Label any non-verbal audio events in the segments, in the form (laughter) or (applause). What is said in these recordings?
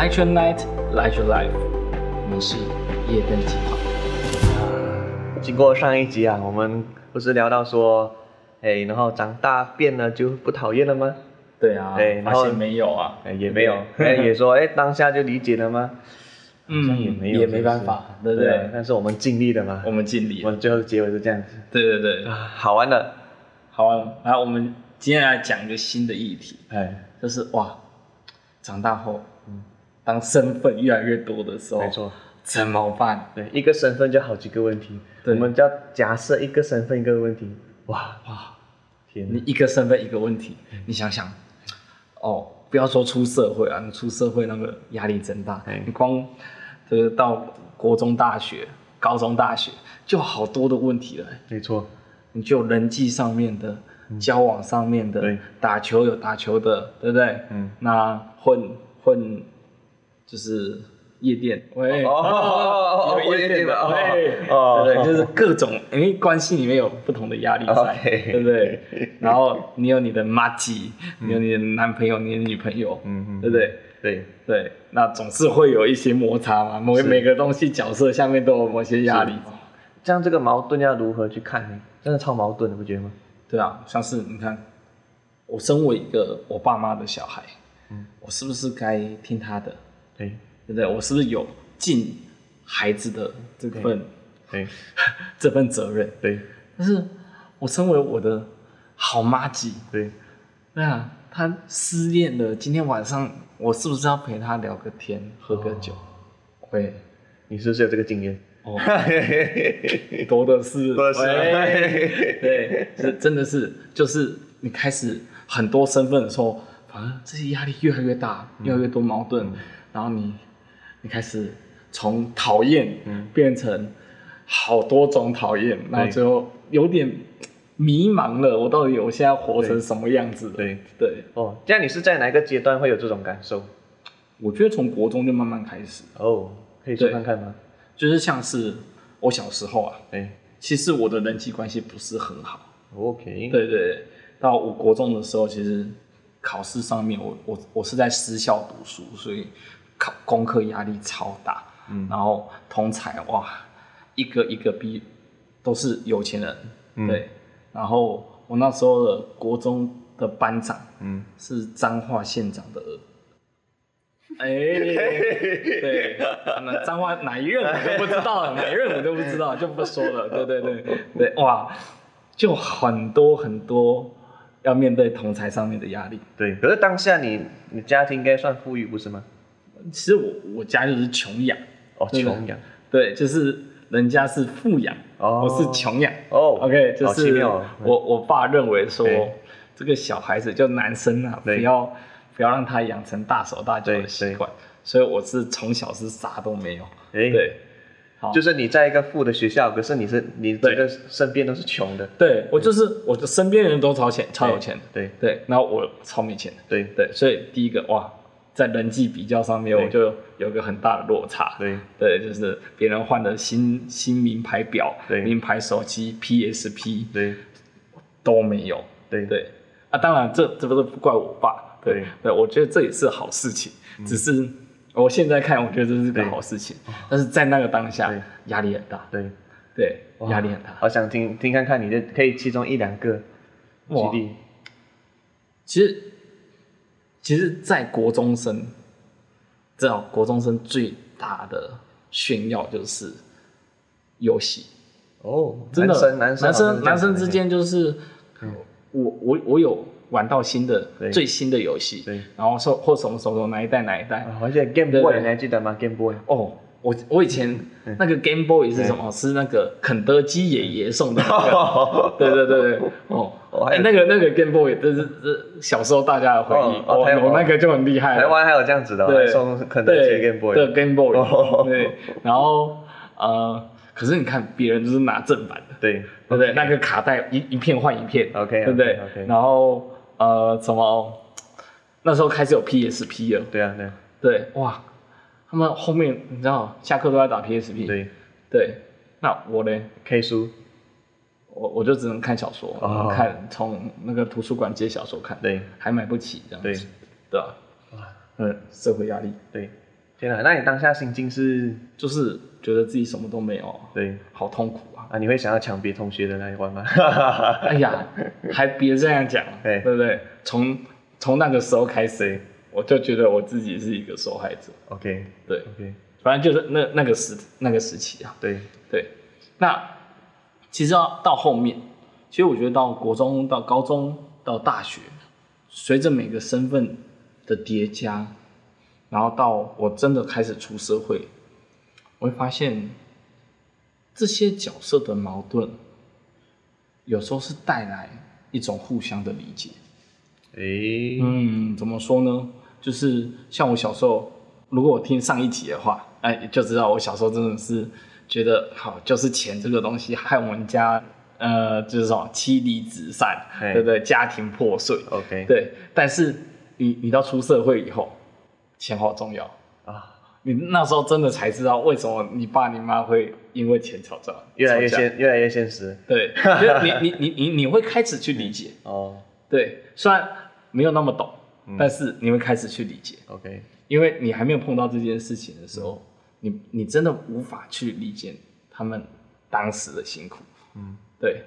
Light your night, light your life。我們是夜燈計劃。經過上一集啊，我們不是聊到說，哎，然後長大變了就不討厭了嗎？對啊。哎，發現沒有啊？也沒有。哎，也說哎，當下就理解了嗎？嗯，也沒辦法，對對？但是我們盡力了嘛。我們盡力。我們最後結尾是這樣子。對對對。好玩的，好玩。來，我們今天來講一個新的議題，哎，就是哇，長大後。當身份越來越多的時候，沒錯，怎麼辦？對，一個身份就好幾個問題。對，我們就要假設一個身份一個問題。哇哇，天！你一個身份一個問題，你想想，哦，不要說出社會啊，你出社會那個壓力真大。你光這個到國中、大學、高中、大學就好多的問題了。沒錯，你就人際上面的、交往上面的，對，打球有打球的，對不對？嗯，那混混。就是夜店，喂哦哦哦哦夜店的，哦對對，就是各種因為關係裡面有不同的壓力在，對不對？然後你有你的麻吉，你有你的男朋友，你的女朋友，嗯對不對？對對，那總是會有一些摩擦嘛。每每個東西角色下面都有某些壓力。像這個矛盾要如何去看呢？真的超矛盾，你不覺得嗎？對啊，像是你看，我身為一個我爸媽的小孩，嗯，我是不是該聽他的？對，對不對？我是不是有盡孩子的這份，這份責任？對，但是我身為我的好麻吉，對，對啊，他失戀了，今天晚上我是不是要陪他聊個天，喝個酒？對，你是不是有這個經驗？多的是，多的是，對，真的是，就是你開始很多身份的時候，反而這些壓力越來越大，越來越多矛盾。然後你，你開始從討厭，變成好多種討厭，嗯、然後最後有點迷茫了。對我到底我現在活成什麼樣子對對？對對哦，這樣，你是在哪一個階段會有這種感受？我覺得從國中就慢慢開始哦，可以說看看嗎？就是像是我小時候啊，哎、欸，其實我的人際關係不是很好。OK。對對對，到我國中的時候，其實考試上面我我我是在私校讀書，所以。考功課壓力超大，嗯，然後同儕，哇，一個一個比，都是有錢人，嗯、對，然後我那時候的國中的班長，嗯，是彰化縣長的兒，哎、嗯，對，那彰化哪一任我都不知道了，哪一任我都不知道，就不說了，對對對對，哇，就很多很多要面對同儕上面的壓力，對，對，可是當下你你家庭應該算富裕不是嗎？其實我我家就是窮養哦，窮養，對，就是人家是富養哦，我是窮養哦。OK，就是我我爸認為說，這個小孩子就男生啊，不要不要讓他養成大手大腳的習慣，所以我是從小是啥都沒有。哎，對，就是你在一個富的學校，可是你是你覺得身邊都是窮的，對我就是我的身邊人都超錢超有錢，對對，然後我超沒錢，對對，所以第一個哇。在人際比較上面，我就有個很大的落差。對，對，就是別人換的新新名牌錶、名牌手機、PSP，對，都沒有。對對啊，當然這這不是不怪我爸。對對，我覺得這也是好事情。只是我現在看，我覺得這是個好事情。但是在那個當下，壓力很大。對對，壓力很大。好想聽聽看看你的，可以其中一兩個舉例。其實。其實，在國中生，知道國中生最大的炫耀就是遊戲哦，真的，男生男生之間就是我我我有玩到新的最新的遊戲，然後說或什麼什麼哪一代哪一代，而且 Game Boy 你還記得嗎？Game Boy，哦，我我以前那個 Game Boy 是什麼？是那個肯德基爺爺送的，對對對對，哦。那個那個 Game Boy，這是是小時候大家的回憶。哦，那個就很厲害。台灣還有這樣子的，對，送肯德基 Game Boy。對 Game Boy，對。然後呃，可是你看別人就是拿正版的，對，對不對？那個卡帶一一片換一片，對不對？然後呃，怎麼那時候開始有 PSP 了？對啊，對啊。對，哇，他們後面你知道，下課都在打 PSP。對。對，那我呢？K 書。我我就只能看小說，看從那個圖書館借小說看，對，還買不起這樣子，對，對吧？啊，嗯，社會壓力，對，天哪！那你當下心境是就是覺得自己什麼都沒有，對，好痛苦啊！啊，你會想要搶別同學的那一玩嗎？哎呀，還別這樣講，對不對？從從那個時候開始，我就覺得我自己是一個受害者。OK，對，OK，反正就是那那個時那個時期啊，對對，那。其實到後面，其實我覺得到國中、到高中、到大學，隨着每個身份的疊加，然後到我真的開始出社會，我會發現這些角色的矛盾，有時候是帶來一種互相的理解。哎，嗯，怎麼說呢？就是像我小時候，如果我聽上一集的話，哎，就知道我小時候真的是。覺得好就是錢這個東西害我們家，呃，就是什麼妻離子散，對不對？家庭破碎，OK，對。但是你你到出社會以後，錢好重要啊！你那時候真的才知道為什麼你爸你媽會因為錢吵架，越來越現越來越現實。對，就你你你你你會開始去理解哦。對，雖然沒有那麼懂，但是你會開始去理解，OK。因為你還沒有碰到這件事情的時候。你你真的無法去理解他們當時的辛苦，嗯，對。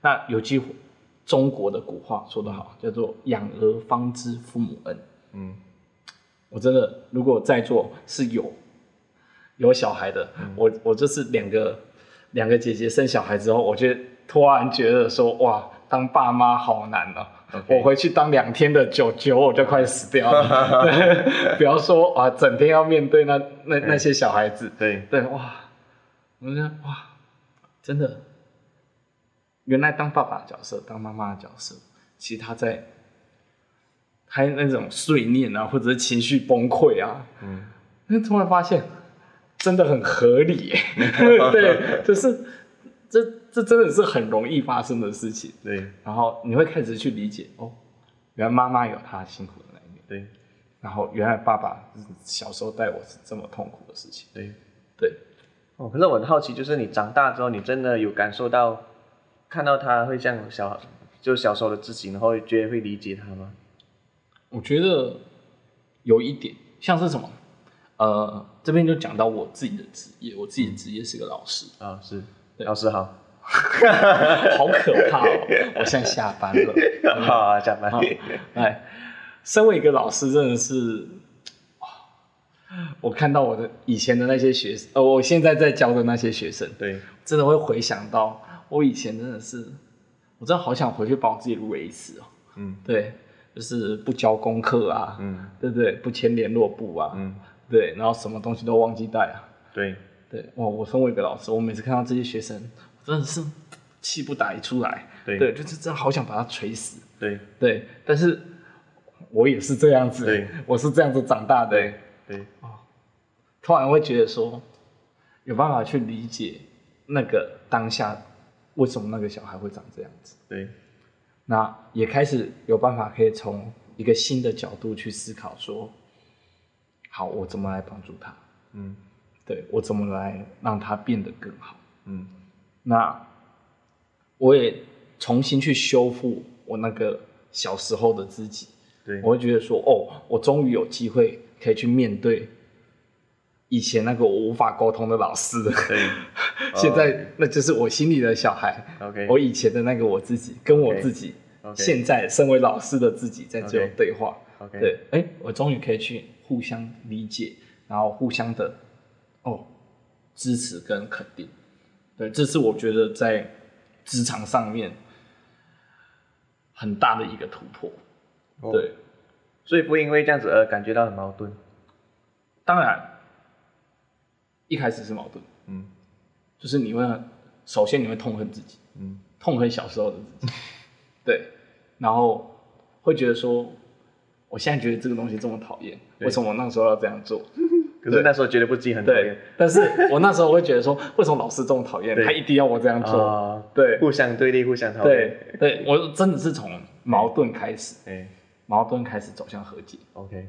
那有句中國的古話說得好，叫做“養兒方知父母恩”。嗯，我真的如果在座是有有小孩的，嗯、我我就是兩個兩個姐姐生小孩之後，我就突然覺得說哇，當爸媽好難啊！Okay. 欸、我回去當兩天的舅舅，我就快死掉了。不要說啊，整天要面對那那，嗯、那些小孩子，對對哇，我覺得哇，真的，原來當爸爸的角色，當媽媽的角色，其實他在，還有那種碎念啊，或者是情緒崩潰啊，嗯，那突然發現，真的很合理， (laughs) 對，就是。這真的是很容易發生的事情，對。然後你會開始去理解，哦，原來媽媽有她辛苦的那一面，對。然後原來爸爸小時候帶我是這麼痛苦的事情，對，對。哦，可是我的好奇就是，你長大之後，你真的有感受到看到他會像小就小時候的自己，然後覺得會理解他嗎？我覺得有一點，像是什麼？呃，這邊就講到我自己的職業，我自己的職業是一個老師啊，哦，是，對老師好。 (laughs) 好可怕哦！我現在下班了， (laughs) Okay. 好好下班好來、oh, like. 身為一個老師，真的是，我看到我的以前的那些學生，呃，我現在在教的那些學生，對，真的會回想到我以前，真的是，我真的好想回去把我自己錄一次哦。嗯，對，就是不交功課啊，嗯，對不對，對？不簽聯絡簿啊，嗯，對，然後什麼東西都忘記帶啊，對，對，哇！我身為一個老師，我每次看到這些學生，真的是氣不打一處來，對,對，就是真的好想把他捶死，對對。但是我也是這樣子，對我是這樣子長大的，對對。對哦，突然會覺得說有辦法去理解那個當下為什麼那個小孩會長這樣子，對。那也開始有辦法可以從一個新的角度去思考說，好，我怎麼來幫助他？嗯，對，我怎麼來讓他變得更好？嗯。那我也重新去修復我那個小時候的自己，對，我會覺得說哦，我終於有機會可以去面對以前那個我無法溝通的老師了，對 (laughs) 現在、oh, okay. 那就是我心裡的小孩，OK，我以前的那個我自己，跟我自己，Okay. 現在身為老師的自己在這種對話，OK，對，哎，我終於可以去互相理解，然後互相的哦支持跟肯定。對，這是我覺得在職場上面很大的一個突破，對，哦、所以不因為這樣子而感覺到很矛盾。當然，一開始是矛盾，嗯，就是你會首先你會痛恨自己，嗯，痛恨小時候的自己，對，然後會覺得說，我現在覺得這個東西這麼討厭，對為什麼我那時候要這樣做？對可是那時候覺得不記恨，對。但是我那時候會覺得說，為什麼老師這麼討厭？他 (laughs) 一定要我這樣做？對，uh, 對互相對立，互相討厭。對，我真的是從矛盾開始，哎，Okay. 矛盾開始走向和解。OK，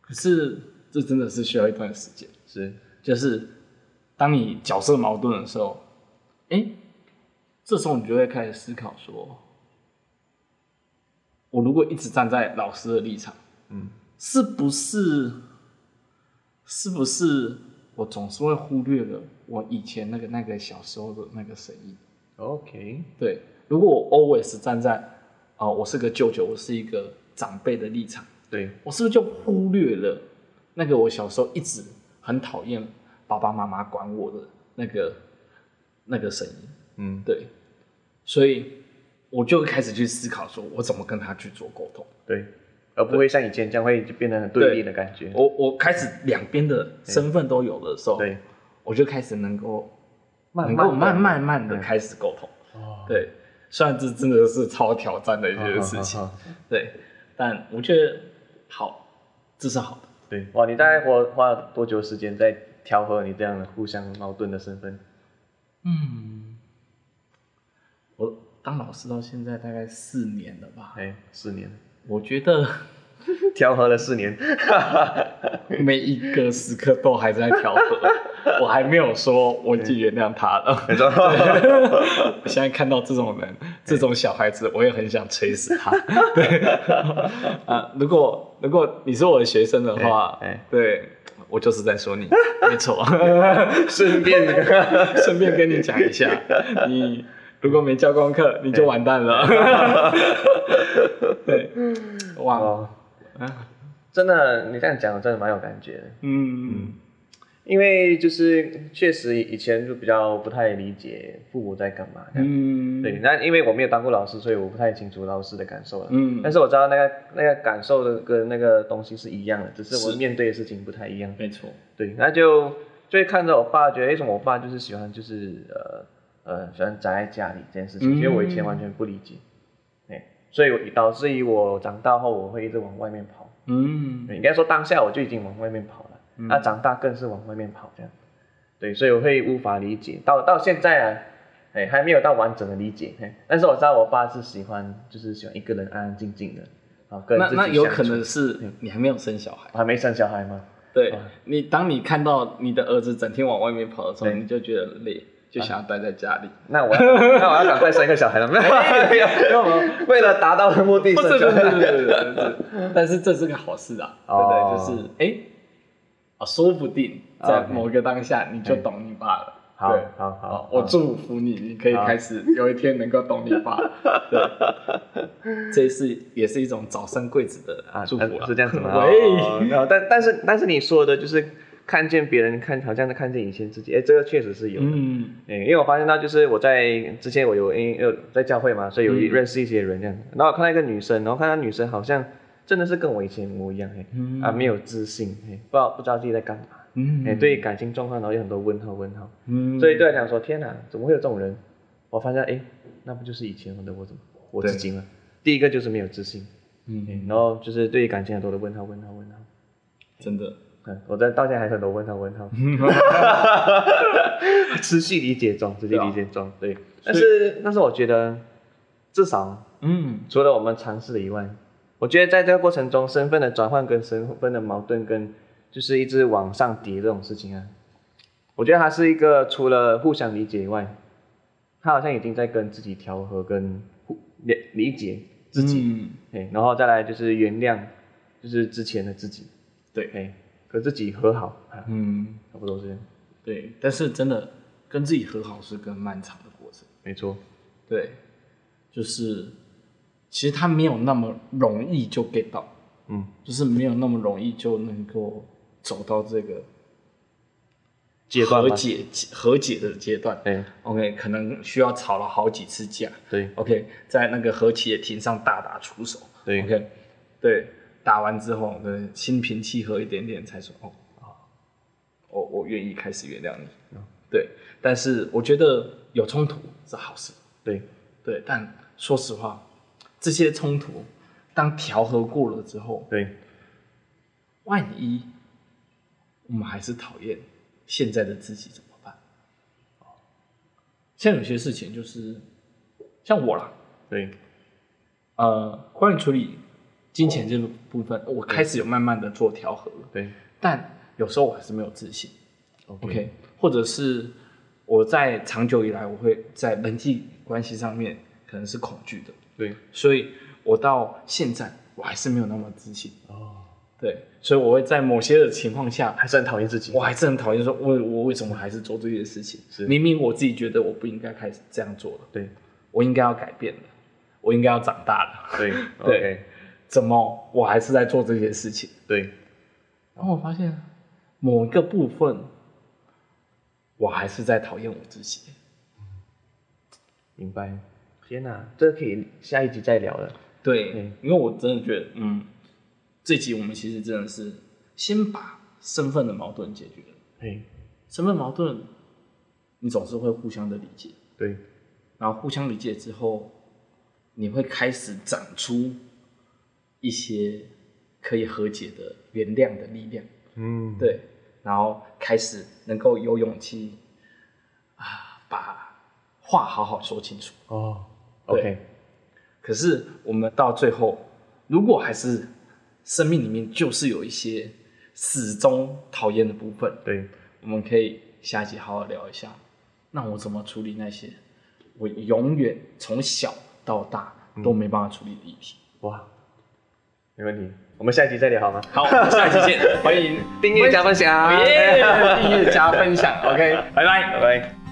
可是這真的是需要一段時間。是，Okay. 就是當你角色矛盾的時候，哎、欸，這時候你就會開始思考說，我如果一直站在老師的立場，嗯，是不是？是不是我總是會忽略了我以前那個那個小時候的那個聲音？OK，對，如果我 always 站在啊、呃，我是個舅舅，我是一個長輩的立場，對，我是不是就忽略了那個我小時候一直很討厭爸爸媽媽管我的那個那個聲音？嗯，對，所以我就開始去思考說，我怎麼跟他去做溝通？對。而不會像以前這樣會變得很對立的感覺。我我開始兩邊的身份都有的時候，對，對我就開始能夠慢慢，能慢慢慢慢的開始溝通。哦、對，雖然這真的是超挑戰的一件事情，哦哦哦哦、對，但我覺得好，這是好的。對，哇，你大概花花了多久時間在調和你這樣的互相矛盾的身份？嗯，我當老師到現在大概四年了吧？哎、欸，四年。我覺得調和了四年，每一個時刻都還在調和。我還沒有說我已經原諒他了。我現在看到這種人，這種小孩子，我也很想錘死他，對。啊，如果如果你是我的學生的話，對，我就是在說你。沒錯，順便 (laughs) 順便跟你講一下，你。如果沒教功課，你就完蛋了。對，真的，你這樣講真的蠻有感覺的嗯，嗯，因為就是確實以前就比較不太理解父母在幹嘛。嗯，對，那因為我沒有當過老師，所以我不太清楚老師的感受了。嗯。但是我知道那個那個感受的跟那個東西是一樣的，只是我面對的事情不太一樣。沒錯。對，那就就看着我爸，覺得、欸、為什麼我爸就是喜歡就是呃。呃，喜歡宅在家裡這件事情，因為我以前完全不理解，嗯，所以導致於我長大後我會一直往外面跑。嗯，應該說當下我就已經往外面跑了，那，嗯啊，長大更是往外面跑這樣。對，所以我會無法理解到到現在啊，還沒有到完整的理解。但是我知道我爸是喜歡，就是喜歡一個人安安靜靜的。那，那有可能是你還沒有生小孩。還沒生小孩嗎？對，嗯，你當你看到你的兒子整天往外面跑的時候，對你就覺得累。就想要待在家裡，那我那我要趕快生個小孩了。為了達到的目的，不是不是，但是這是個好事啊，對不對？就是誒啊，說不定在某個當下你就懂你爸了。好，好好，我祝福你，你可以開始有一天能夠懂你爸。對，這是也是一種早生貴子的祝福啊，是這樣子啊。對，但但是但是你說的就是。看見別人看，好像在看見以前自己，哎，這個確實是有的，嗯、哎，因為我發現到就是我在之前我有哎有在教會嘛，所以有認識一些人這樣、嗯、然後看到一個女生，然後看到女生好像真的是跟我以前模一樣，哎，嗯、啊，沒有自信，哎，不知道不知道自己在幹嘛，嗯、哎，對於感情狀況，然後有很多問號問號，嗯、所以就在想說，天哪，怎麼會有這種人？我發現哎，那不就是以前我的我怎麼我自己嗎？對第一個就是沒有自信，嗯、哎，然後就是對於感情很多的問號問號問號，真的。我在道歉，還是很多問號，問號。 (laughs) 持續理解中，持續理解中。對，但是，是但是，我覺得至少，嗯，除了我們嘗試以外，我覺得在這個過程中，身份的轉換跟身份的矛盾跟就是一直往上疊這種事情啊，我覺得他是一個除了互相理解以外，他好像已經在跟自己調和，跟互理理解自己，哎，然後再來就是原諒，就是之前的自己，對，哎。跟自己和好，嗯，差不多這樣。對，但是真的跟自己和好是個漫長的過程，沒錯，對，就是其實他沒有那麼容易就 get 到，嗯，就是沒有那麼容易就能夠走到這個階段和解，和解的階段嘿，OK，可能需要吵了好幾次架，對，OK，在那個和解庭上大打出手，對，OK，對。打完之後，對，心平氣和一點點才說哦啊、哦哦，我我願意開始原諒你，嗯、對。但是我覺得有衝突是好事，對對。但說實話，這些衝突當調和過了之後，對。萬一我們還是討厭現在的自己怎麼辦？哦、像有些事情就是像我了，對，呃，關於處理。金錢這部分，我開始有慢慢的做調和了。對，但有時候我還是沒有自信，OK，或者是我在長久以來，我會在人際關係上面可能是恐懼的，對，所以我到現在我還是沒有那麼自信，哦，對，所以我會在某些的情況下還是很討厭自己，我還是很討厭說，我我為什麼還是做這些事情？明明我自己覺得我不應該開始這樣做了，對我應該要改變了，我應該要長大了，對，OK。怎麼，我還是在做這些事情？對。然後我發現，某一個部分，我還是在討厭我自己。明白。天哪，這可以下一集再聊了。對。對。因為我真的覺得，嗯，嗯。這集我們其實真的是先把身份的矛盾解決了。對。身份矛盾，你總是會互相的理解。對。然後互相理解之後，你會開始長出，一些可以和解的、原諒的力量，嗯，對，然後開始能夠有勇氣啊，把話好好說清楚。哦對，OK。可是我們到最後，如果還是生命裡面就是有一些始終討厭的部分，對，我們可以下集好好聊一下。那我怎麼處理那些我永遠從小到大都沒辦法處理的議題、嗯。哇。沒問題，我們下期再聊好嗎？好，我們下期見。 (laughs) 歡迎訂閱加分享， (laughs) (laughs) 訂閱加分享。 (laughs) OK，拜拜，拜拜。